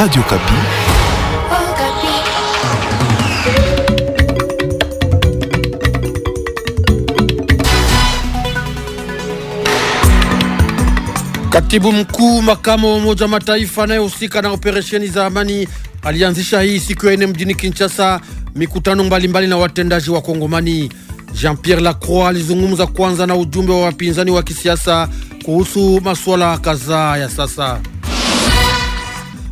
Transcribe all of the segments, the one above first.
Radio Kapi. Katibu mkuu makamo wa Umoja Mataifa anayehusika na operesheni za amani alianzisha hii siku ya ine mjini Kinshasa mikutano mbalimbali mbali na watendaji wa Kongomani. Jean-Pierre Lacroix alizungumza kwanza na ujumbe wa wapinzani wa kisiasa kuhusu masuala kadhaa ya sasa.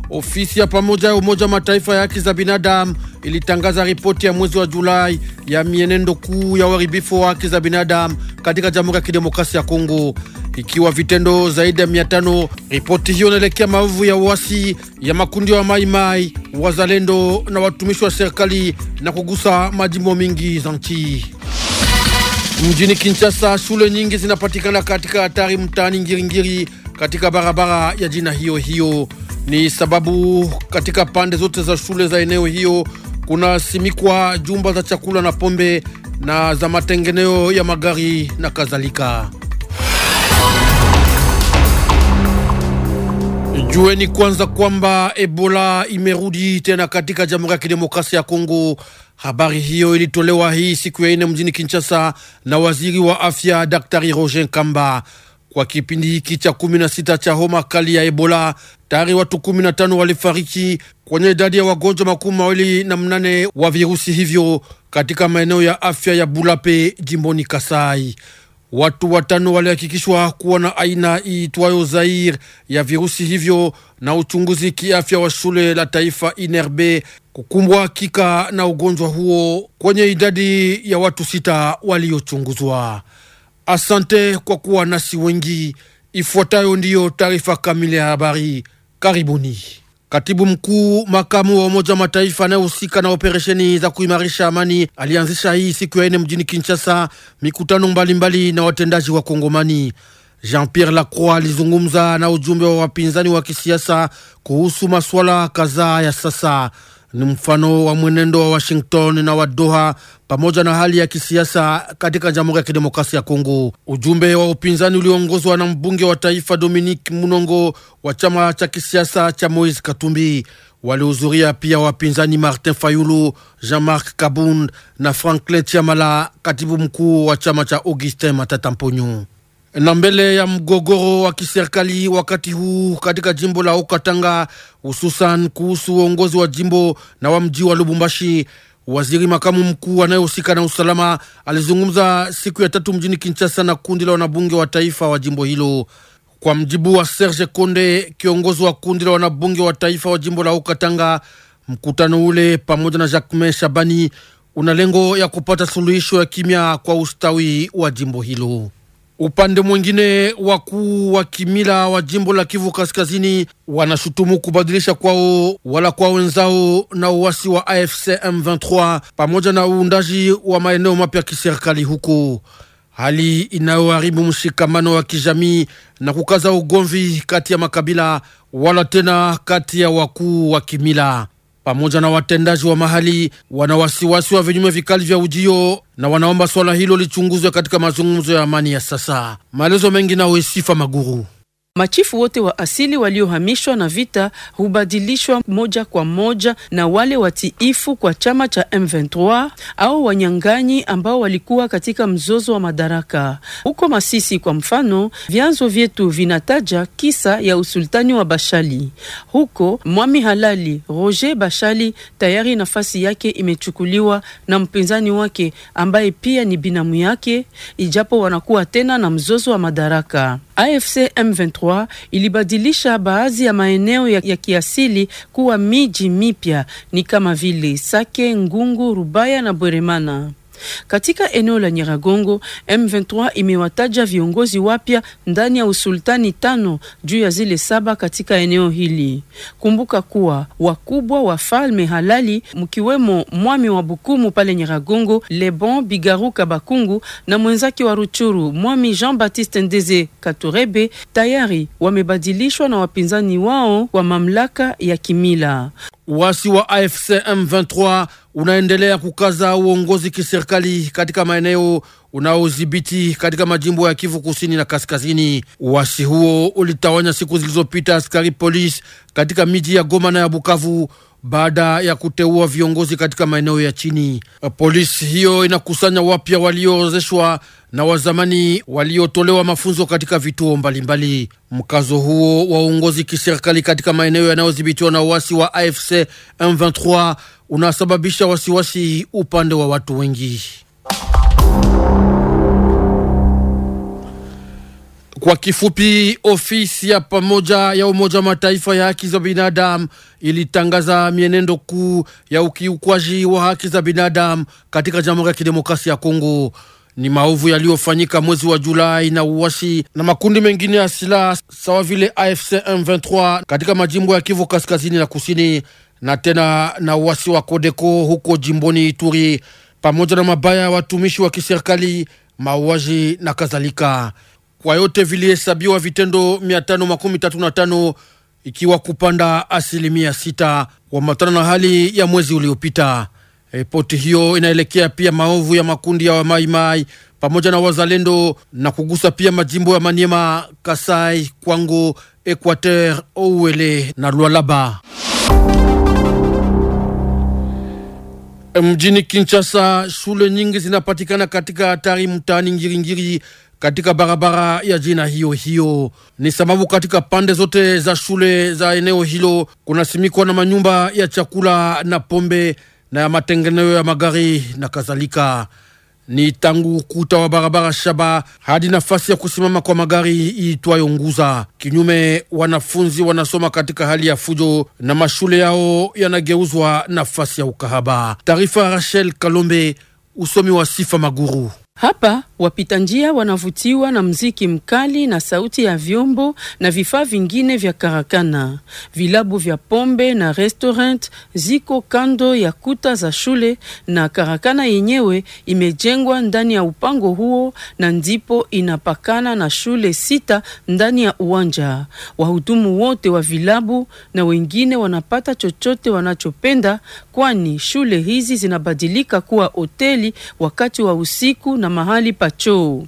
Ofisi ya pamoja ya Umoja wa Mataifa ya haki za binadamu ilitangaza ripoti ya mwezi wa Julai ya mienendo kuu ya uharibifu wa haki za binadamu katika Jamhuri ya Kidemokrasia ya Kongo, ikiwa vitendo zaidi ya mia tano. Ripoti hiyo inaelekea maovu ya uasi ya makundi wa maimai mai, wazalendo na watumishi wa serikali na kugusa majimbo mengi za nchi. Mjini Kinshasa, shule nyingi zinapatikana katika hatari mtaani Ngiringiri, katika barabara ya jina hiyo hiyo ni sababu katika pande zote za shule za eneo hiyo kunasimikwa jumba za chakula na pombe na za matengeneo ya magari na kadhalika. Jueni kwanza kwamba Ebola imerudi tena katika Jamhuri ya Kidemokrasia ya Kongo. Habari hiyo ilitolewa hii siku ya ine mjini Kinshasa na waziri wa afya Daktari Roger Kamba. Kwa kipindi hiki cha sita cha homa kali ya Ebola, tayari watu tano walifariki kwenye idadi ya wagonjwa makumi mawili na mnane wa virusi hivyo katika maeneo ya afya ya Bulape jimboni Kasai. Watu watano walihakikishwa kuwa na aina iitwayo Zair ya virusi hivyo, na uchunguzi kiafya wa shule la taifa Inerbe kukumbwa hakika na ugonjwa huo kwenye idadi ya watu sita waliochunguzwa. Asante kwa kuwa nasi wengi. Ifuatayo ndiyo taarifa kamili ya habari. Karibuni. Katibu mkuu makamu wa Umoja wa Mataifa anayehusika na operesheni za kuimarisha amani alianzisha hii siku ya nne mjini Kinshasa mikutano mbalimbali mbali na watendaji wa Kongomani. Jean-Pierre Lacroix alizungumza na ujumbe wa wapinzani wa kisiasa kuhusu masuala kadhaa ya sasa ni mfano wa mwenendo wa Washington na wa Doha pamoja na hali ya kisiasa katika Jamhuri ya Kidemokrasia ya Kongo. Ujumbe wa upinzani uliongozwa na mbunge wa taifa Dominique Munongo wa chama cha kisiasa cha Moise Katumbi walihudhuria pia wapinzani Martin Fayulu, Jean-Marc Kabund na Franklin Chiamala, katibu mkuu wa chama cha Augustin Matata Mponyo. Na mbele ya mgogoro wa kiserikali wakati huu katika jimbo la Okatanga, hususan kuhusu uongozi wa jimbo na wa mji wa Lubumbashi, waziri makamu mkuu anayehusika na usalama alizungumza siku ya tatu mjini Kinshasa na kundi la wanabunge wa taifa wa jimbo hilo. Kwa mjibu wa Serge Konde, kiongozi wa kundi la wanabunge wa taifa wa jimbo la Okatanga, mkutano ule pamoja na Jacquemain Shabani una lengo ya kupata suluhisho ya kimya kwa ustawi wa jimbo hilo. Upande mwingine, wakuu wa kimila wa jimbo la Kivu Kaskazini wanashutumu kubadilisha kwao wala kwa wenzao na uwasi wa AFC M23 pamoja na uundaji wa maeneo mapya kiserikali huko, hali inayoharibu mshikamano wa kijamii na kukaza ugomvi kati ya makabila wala tena kati ya wakuu wa kimila pamoja na watendaji wa mahali wana wasiwasi wa vinyume vikali vya ujio na wanaomba swala hilo lichunguzwe katika mazungumzo ya amani ya sasa. Maelezo mengi nawe Sifa Maguru. Machifu wote wa asili waliohamishwa na vita hubadilishwa moja kwa moja na wale watiifu kwa chama cha M23 au wanyang'anyi ambao walikuwa katika mzozo wa madaraka. Huko Masisi kwa mfano, vyanzo vyetu vinataja kisa ya usultani wa Bashali. Huko mwami halali Roger Bashali, tayari nafasi yake imechukuliwa na mpinzani wake ambaye pia ni binamu yake, ijapo wanakuwa tena na mzozo wa madaraka. AFC M23 ilibadilisha baadhi ya maeneo ya, ya kiasili kuwa miji mipya ni kama vile Sake, Ngungu, Rubaya na Bweremana. Katika eneo la Nyiragongo, M23 imewataja viongozi wapya ndani ya usultani tano juu ya zile saba katika eneo hili. Kumbuka kuwa wakubwa wa falme halali mkiwemo mwami wa Bukumu pale Nyiragongo, Lebon Bigaruka Bakungu na mwenzake wa Ruchuru mwami Jean-Baptiste Ndeze Katurebe tayari wamebadilishwa na wapinzani wao wa mamlaka ya kimila uwasi wa AFC M23 unaendelea kukaza uongozi kiserikali katika maeneo unaodhibiti katika majimbo ya Kivu Kusini na Kaskazini. Uasi huo ulitawanya siku zilizopita askari polisi katika miji ya Goma na ya Bukavu baada ya kuteua viongozi katika maeneo ya chini. Polisi hiyo inakusanya wapya walioozeshwa na wazamani waliotolewa mafunzo katika vituo mbalimbali. Mkazo huo wa uongozi kiserikali katika maeneo yanayodhibitiwa na uasi wa AFC M23 unasababisha wasiwasi upande wa watu wengi. Kwa kifupi, ofisi ya pamoja ya Umoja wa Mataifa ya haki za binadamu ilitangaza mienendo kuu ya ukiukwaji wa haki za binadamu katika Jamhuri ya Kidemokrasia ya Kongo. Ni maovu yaliyofanyika mwezi wa Julai na uwashi na makundi mengine ya silaha sawa vile AFC M23 katika majimbo ya Kivu kaskazini na kusini, na tena na uwasi wa Kodeko huko jimboni Ituri, pamoja na mabaya ya watumishi wa kiserikali, mauaji na kadhalika. Kwa yote vilihesabiwa vitendo 535 ikiwa kupanda asilimia 6 kuambatana na hali ya mwezi uliopita. Ripoti hiyo inaelekea pia maovu ya makundi ya wamaimai pamoja na wazalendo na kugusa pia majimbo ya Maniema, Kasai, Kwango, Equateur, Ouele na Lualaba. Mjini Kinshasa, shule nyingi zinapatikana katika hatari mtaani Ngiringiri katika barabara ya jina hiyo hiyo. Ni sababu katika pande zote za shule za eneo hilo kunasimikwa na manyumba ya chakula na pombe na ya matengenezo ya magari na kadhalika. Ni tangu ukuta wa barabara shaba hadi nafasi ya kusimama kwa magari iitwayo Nguza. Kinyume, wanafunzi wanasoma katika hali ya fujo na mashule yao yanageuzwa nafasi ya ukahaba. Taarifa Rachel Kalombe, usomi wa Sifa Maguru. Hapa wapita njia wanavutiwa na mziki mkali na sauti ya vyombo na vifaa vingine vya karakana. Vilabu vya pombe na restaurant ziko kando ya kuta za shule na karakana yenyewe imejengwa ndani ya upango huo na ndipo inapakana na shule sita ndani ya uwanja. Wahudumu wote wa vilabu na wengine wanapata chochote wanachopenda kwani shule hizi zinabadilika kuwa hoteli wakati wa usiku na na mahali pa choo.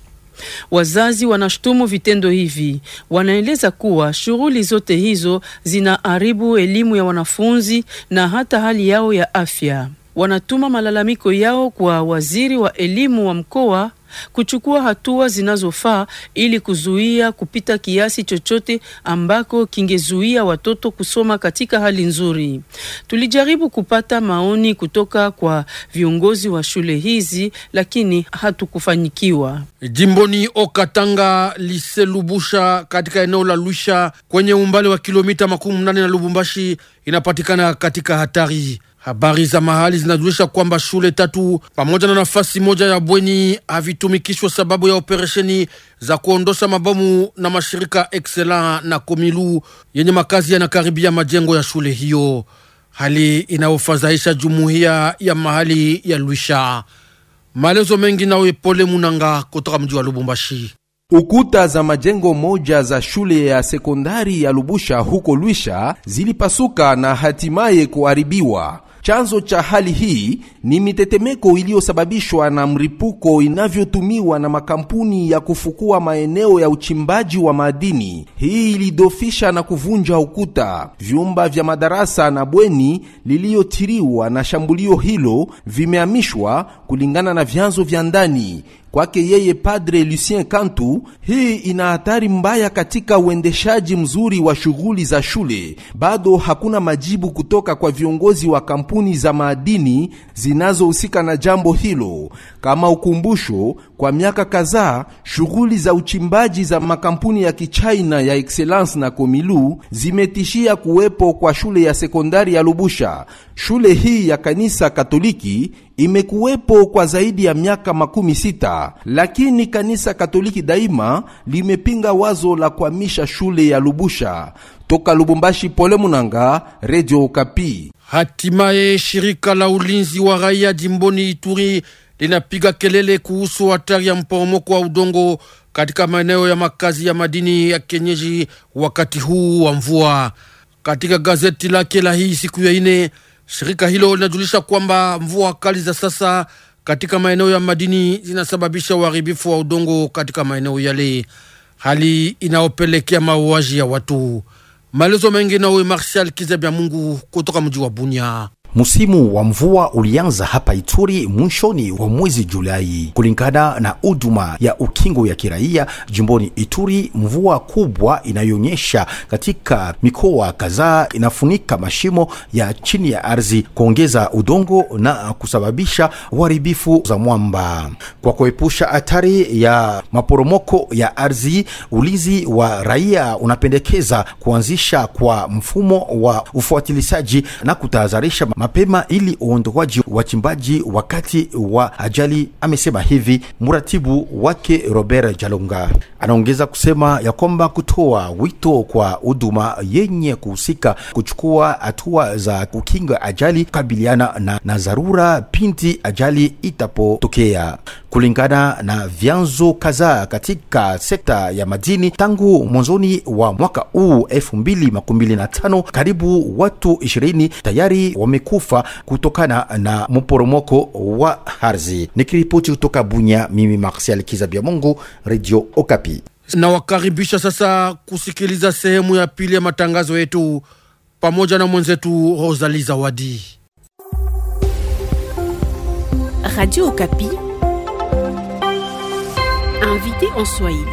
Wazazi wanashutumu vitendo hivi, wanaeleza kuwa shughuli zote hizo zinaharibu elimu ya wanafunzi na hata hali yao ya afya wanatuma malalamiko yao kwa waziri wa elimu wa mkoa kuchukua hatua zinazofaa ili kuzuia kupita kiasi chochote ambako kingezuia watoto kusoma katika hali nzuri. Tulijaribu kupata maoni kutoka kwa viongozi wa shule hizi, lakini hatukufanyikiwa. Jimboni Okatanga, liselubusha katika eneo la lwisha kwenye umbali wa kilomita makumi nane na Lubumbashi inapatikana katika hatari Habari za mahali zinajulisha kwamba shule tatu pamoja na nafasi moja ya bweni havitumikishwa sababu ya operesheni za kuondosha mabomu na mashirika Excellent na Komilu yenye makazi yanakaribia majengo ya shule hiyo, hali inayofadhaisha jumuiya ya mahali ya Luisha. Maelezo mengi nawe Pole Munanga kutoka mji wa Lubumbashi. Ukuta za majengo moja za shule ya sekondari ya Lubusha huko Lwisha zilipasuka na hatimaye kuharibiwa. Chanzo cha hali hii ni mitetemeko iliyosababishwa na mripuko inavyotumiwa na makampuni ya kufukua maeneo ya uchimbaji wa madini. Hii ilidofisha na kuvunja ukuta, vyumba vya madarasa na bweni liliyotiriwa na shambulio hilo vimehamishwa, kulingana na vyanzo vya ndani. Kwake yeye Padre Lucien Kantu, hii ina hatari mbaya katika uendeshaji mzuri wa shughuli za shule. Bado hakuna majibu kutoka kwa viongozi wa kampuni kampuni za madini zinazohusika na jambo hilo. Kama ukumbusho, kwa miaka kadhaa shughuli za uchimbaji za makampuni ya kichina ya Excellence na Komilu zimetishia kuwepo kwa shule ya sekondari ya Lubusha. Shule hii ya kanisa Katoliki imekuwepo kwa zaidi ya miaka makumi sita, lakini kanisa Katoliki daima limepinga wazo la kuhamisha shule ya Lubusha. Toka Lubumbashi, Pole Munanga, Radio Okapi. Hatimaye shirika la ulinzi wa raia jimboni Ituri linapiga kelele kuhusu hatari ya mporomoko wa udongo katika maeneo ya makazi ya madini ya kienyeji wakati huu wa mvua. Katika gazeti lake la hii siku ya ine Shirika hilo linajulisha kwamba mvua kali za sasa katika maeneo ya madini zinasababisha uharibifu wa udongo katika maeneo yale, hali inayopelekea mauaji ya watu. Maelezo mengi nawe Marshal Kizabya Mungu kutoka mji wa Bunia. Msimu wa mvua ulianza hapa Ituri mwishoni wa mwezi Julai. Kulingana na huduma ya ukingo ya kiraia jimboni Ituri, mvua kubwa inayonyesha katika mikoa kadhaa inafunika mashimo ya chini ya ardhi, kuongeza udongo na kusababisha uharibifu za mwamba. Kwa kuepusha hatari ya maporomoko ya ardhi, ulinzi wa raia unapendekeza kuanzisha kwa mfumo wa ufuatilishaji na kutahadharisha mapema ili uondoaji wachimbaji wakati wa ajali. Amesema hivi mratibu wake Robert Jalonga. Anaongeza kusema ya kwamba kutoa wito kwa huduma yenye kuhusika kuchukua hatua za kukinga ajali, kukabiliana na, na dharura pindi ajali itapotokea. Kulingana na vyanzo kadhaa katika sekta ya madini, tangu mwanzoni wa mwaka huu 2025 karibu watu 20 tayari wamekuwa kufa kutokana na mporomoko wa ardhi. Nikiripoti kutoka Bunya, mimi Marsial Kizabia Mungu, Radio Okapi. Nawakaribisha sasa kusikiliza sehemu ya pili ya matangazo yetu pamoja na mwenzetu Rosali Zawadi. Radio Okapi. Invité en Swahili.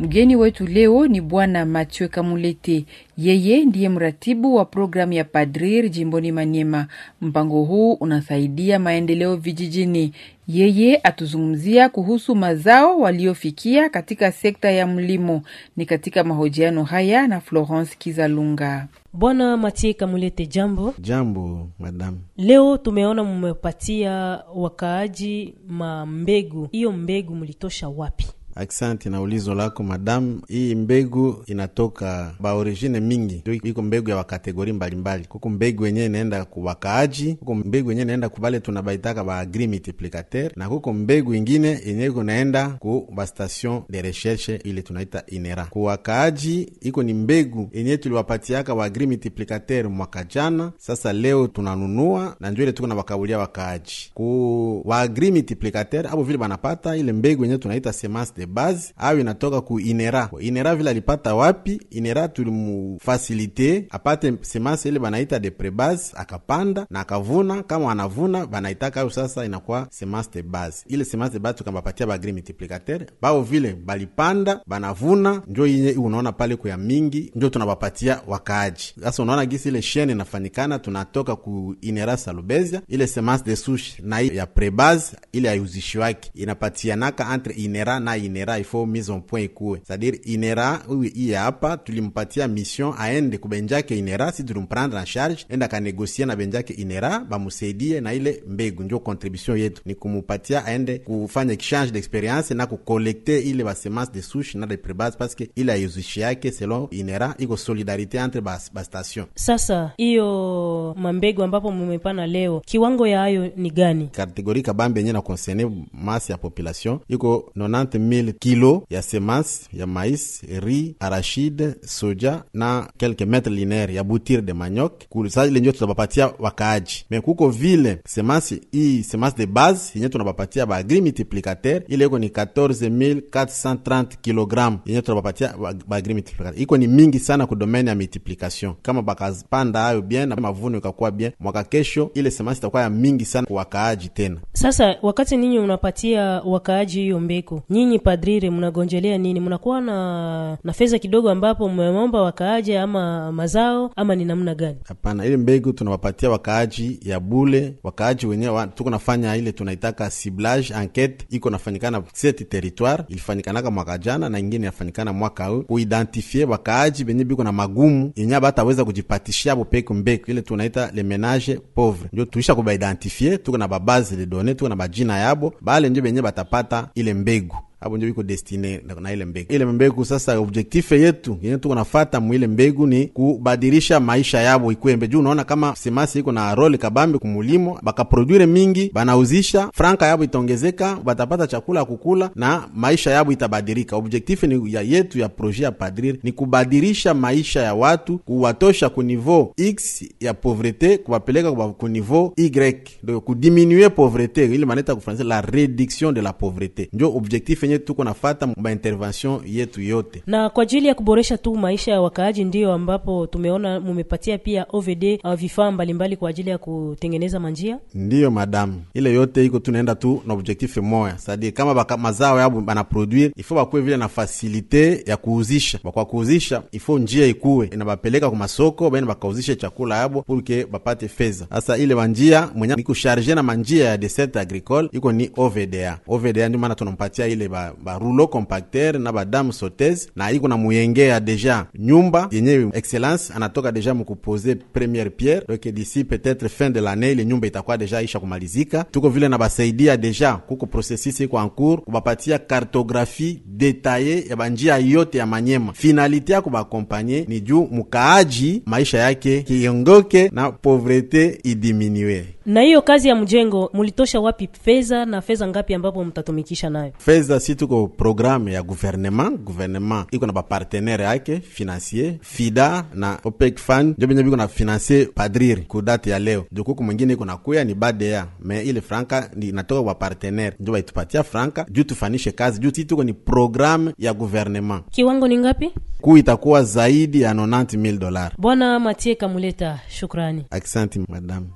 Mgeni wetu leo ni Bwana Mathieu Kamulete. Yeye ndiye mratibu wa programu ya PADRIR jimboni Maniema. Mpango huu unasaidia maendeleo vijijini. Yeye atuzungumzia kuhusu mazao waliofikia katika sekta ya mlimo. Ni katika mahojiano haya na Florence Kizalunga. Bwana Matie Kamulete, jambo. Jambo madam. Leo tumeona mumepatia wakaaji mambegu, hiyo mbegu mlitosha wapi? Aksanti na ulizo lako madamu. Hii mbegu inatoka baorigine mingi, ndio iko mbegu ya wakategori mbalimbali. Kuko mbegu yenyewe inaenda kuwakaaji, kuko mbegu yenyewe inaenda kubale tunabaitaka ba agri multiplicateur, na kuko mbegu ingine yenye iko naenda ku ba station de recherche ile tunaita inera kuwakaaji. Iko ni mbegu yenye tuliwapatiaka wa agri multiplicateur mwaka jana, sasa leo tunanunua na ndio ile tuko na wakabulia wakaaji ku wa agri multiplicateur, abo vile banapata ile mbegu yenyewe tunaita semence de base au inatoka ku inera. Inera vile alipata wapi? Inera tulimufasilite apate semence ile banaita de prebase, akapanda na akavuna. Kama wanavuna banaitaka ayo sasa inakuwa semence de base. Ile semence de base tukambapatia ba agri multiplicateur bao vile balipanda banavuna, njo yenye unaona pale kuya mingi, njo tunabapatia wakaaji. Sasa unaona gisi ile shene inafanikana tunatoka ku inera salubezia ile semence de souche na ya prebase ile ayuzishi wake inapatianaka entre inera na inera inera ifo mise en point ikuwe, sadiri inera uyu iye hapa tulimpatia mission aende kubenjake inera, si tulimprendre en charge, enda akanegosie na benjake inera bamusaidie na ile mbegu. Njo contribution yetu ni kumupatia aende kufanya exchange d'experience na kukolekte ile basemence de souche na de prebase, paske ile ayuzishi yake selon inera iko solidarité entre bastation bas. Sasa hiyo mambegu ambapo mumepana leo, kiwango ya hayo ni gani? Kategori kabambe yenye na konsene masi ya population iko 90 000 kilos ya semence ya mais ri arachide, soja na kelke metre lineare ya butire de manioc kusaji lenye tunabapatia wakaaji. Me kuko vile semence hii semence de base yenye tunabapatia ba agri multiplicateur ile iko ni 14430 kg yenye tunabapatia ba agri multiplicateur iko ni mingi sana ku domaine ya multiplication. Kama bakapanda ayo bien na mavuno ikakuwa bien, mwaka kesho ile semence itakuwa ya mingi sana kwa wakaaji tena. Sasa wakati ninyi unapatia wakaaji hiyo mbeko nyinyi padriri, mnagonjelea nini? Mnakuwa na na fedha kidogo ambapo mmeomba wakaaje ama mazao ama ni namna gani? Hapana, ile mbegu tunawapatia wakaaji ya bule, wakaaji wenyewe wa, tuko nafanya ile tunaitaka ciblage enquete, iko nafanyikana set territoire, ilifanyikanaka mwaka jana na ingine inafanyikana mwaka huu, kuidentifie wakaaji venye biko na magumu yenye bataweza kujipatishia bopeko mbeko, ile tunaita le menage pauvre, ndio tuisha kubaidentifie, tuko na babazi le donne, tuko na bajina yabo bale ndio benye batapata ile mbegu abo ndio biko destine na ile mbegu. Ile mbegu sasa, objektife yetu yenye tuko nafata mwile mbegu ni kubadilisha maisha yabo ikwembe juu. Unaona kama semasi iko na role kabambe kumulimo, bakaproduire mingi, banauzisha franka yabo itaongezeka, batapata chakula ya kukula na maisha yabo itabadilika. Objektife ni ya yetu ya proje ya padrir ni kubadilisha maisha ya watu, kuwatosha ku niveau x ya pauvreté, kuwapeleka ku niveau y, ndio kudiminue pauvreté, ile maneta ku kufransa la reduction de la pauvreté, ndio objektife penye tuko nafata intervention yetu yote, na kwa ajili ya kuboresha tu maisha ya wakaaji. Ndiyo ambapo tumeona mumepatia pia OVD au uh, vifaa mbalimbali kwa ajili ya kutengeneza manjia. Ndiyo madamu, ile yote iko tunaenda tu na objectif moya, sadi, kama baka mazao yabo banaproduire ifo bakuwe vile na fasilite ya kuuzisha, bakwa kuuzisha ifo njia ikuwe inabapeleka kumasoko masoko baina bakauzishe chakula yabo purke bapate feza. Sasa ile manjia mwenye ni na manjia ya desert agricole iko ni OVDA. OVDA ndio maana tunampatia ile barulo ba compacteur na badame sotese na iko na muyenge ya deja nyumba yenye excellence anatoka deja mukupose premiere pierre donc d'ici peut-être fin de l'année ile nyumba itakuwa deja isha kumalizika. Tuko vile na basaidia deja kuko processus iko ancours kubapatia kartographie detaye ya banjia yote ya Manyema. finalité ya kubakompanye ni juu mukaaji maisha yake kiongoke na pauvreté idiminue na hiyo kazi ya mjengo mulitosha wapi fedha na fedha ngapi ambapo mtatumikisha nayo fedha? si tuko programu ya guvernement guvernema iko na bapartenere yake financier fida na opec fan njo benye biko na finansie padrir ku date ya leo jukuku mwingine iko nakuya ni badea me ile franka inatoka bapartenere njo baitupatia franka juu tufanishe kazi juu si tuko ni programe ya guvernema. Kiwango ni ngapi? ku itakuwa zaidi ya 90000 dollars. Bwana Matie Kamuleta, shukrani. aksanti madam.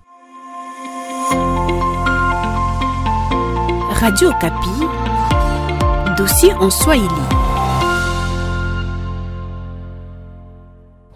Radio Capi, Dossier en Swahili.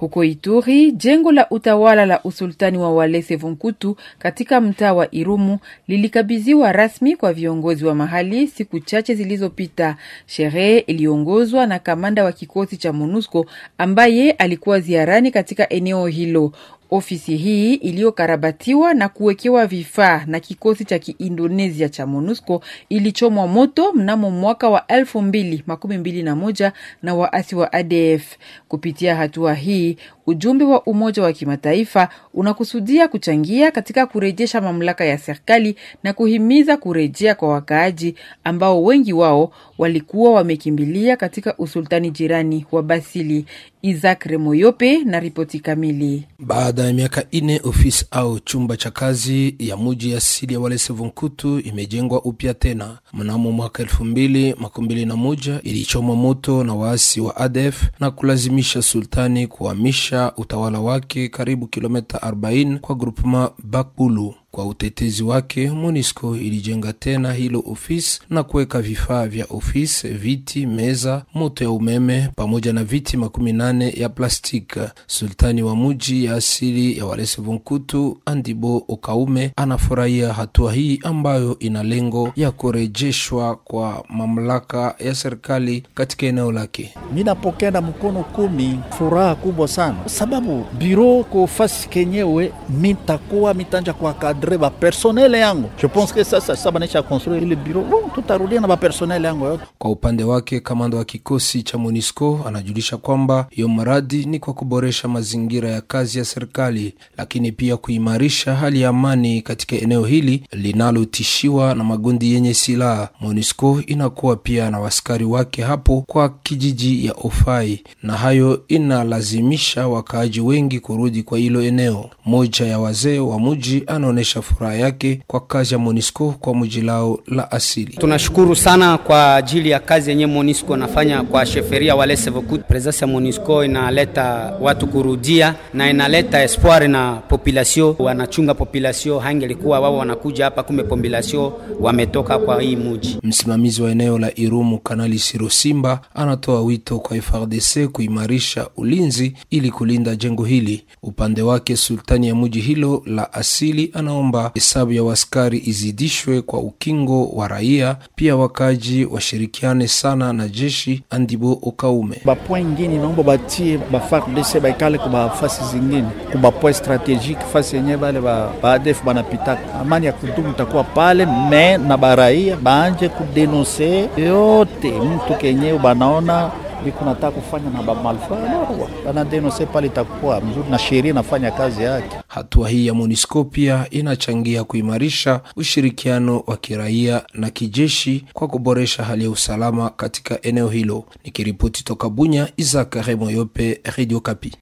Huko Ituri, jengo la utawala la usultani wa Walese Vunkutu katika mtaa wa Irumu lilikabidhiwa rasmi kwa viongozi wa mahali siku chache zilizopita. Sherehe iliongozwa na kamanda wa kikosi cha MONUSCO ambaye alikuwa ziarani katika eneo hilo. Ofisi hii iliyokarabatiwa na kuwekewa vifaa na kikosi cha Kiindonesia cha MONUSCO ilichomwa moto mnamo mwaka wa elfu mbili makumi mbili na moja na waasi wa ADF. Kupitia hatua hii, ujumbe wa Umoja wa Kimataifa unakusudia kuchangia katika kurejesha mamlaka ya serikali na kuhimiza kurejea kwa wakaaji ambao wengi wao walikuwa wamekimbilia katika usultani jirani wa Basili. Isaac Remoyope na ripoti kamili. Baada ya miaka ine, ofisi au chumba cha kazi ya muji asili ya Walese Vonkutu imejengwa upya tena mnamo mwaka elfu mbili makumi mbili na moja ilichomwa moto na waasi wa ADF na kulazimisha sultani kuhamisha utawala wake karibu kilometa 40 kwa grupema Bakbulu. Kwa utetezi wake, MONUSCO ilijenga tena hilo ofisi na kuweka vifaa vya ofisi, viti, meza, moto ya umeme pamoja na viti makumi nane ya plastiki. Sultani wa muji ya asili ya Walese Vonkutu Andibo Okaume anafurahia hatua hii ambayo ina lengo ya kurejeshwa kwa mamlaka ya serikali katika eneo lake. napokea na mkono kumi, furaha kubwa sana sababu biro kufasi kenyewe mitakuwa mitanja kwa kadri encadrer ba personnel Je pense que sasa sasa banaisha construire ile bureau bon, tutarudia na ba personnel yote. Eh. Kwa upande wake kamanda wa kikosi cha MONUSCO anajulisha kwamba hiyo mradi ni kwa kuboresha mazingira ya kazi ya serikali, lakini pia kuimarisha hali ya amani katika eneo hili linalotishiwa na magundi yenye silaha. MONUSCO inakuwa pia na waskari wake hapo kwa kijiji ya Ofai, na hayo inalazimisha wakaaji wengi kurudi kwa hilo eneo. Moja ya wazee wa muji anaonesha kuonyesha furaha yake kwa kazi ya Monisco kwa muji lao la asili. Tunashukuru sana kwa ajili ya kazi yenye Monisco anafanya kwa sheferia Walesevokut. Presence ya Monisco inaleta watu kurudia na inaleta espoir na population, wanachunga population. Hangelikuwa wao wanakuja hapa, kumbe population wametoka kwa hii muji. Msimamizi wa eneo la Irumu Kanali Sirosimba anatoa wito kwa frdc kuimarisha ulinzi ili kulinda jengo hili. Upande wake sultani ya muji hilo la asili ana wanaomba hesabu ya waskari izidishwe kwa ukingo wa raia, pia wakaji washirikiane sana na jeshi. Andibo Okaume bapoi ingine inaomba batie bafardc baikale kubafasi zingine kubapoi strategike fasi yenye bale baadefu ba banapitaka amani ya kudumu takuwa pale me na baraia baanje kudenonse yote mtu kenyewe banaona iko nataka kufanya na bamalfaa banadenosepa pale itakuwa mzuri na sheria inafanya kazi yake. Hatua hii ya MONUSCO pia inachangia kuimarisha ushirikiano wa kiraia na kijeshi kwa kuboresha hali ya usalama katika eneo hilo. Nikiripoti toka Bunya, Izakare Moyope, Radio Kapi.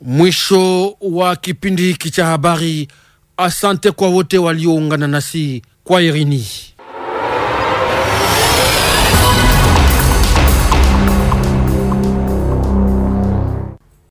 Mwisho wa kipindi hiki cha habari. Asante kwa wote walioungana nasi kwa Irini.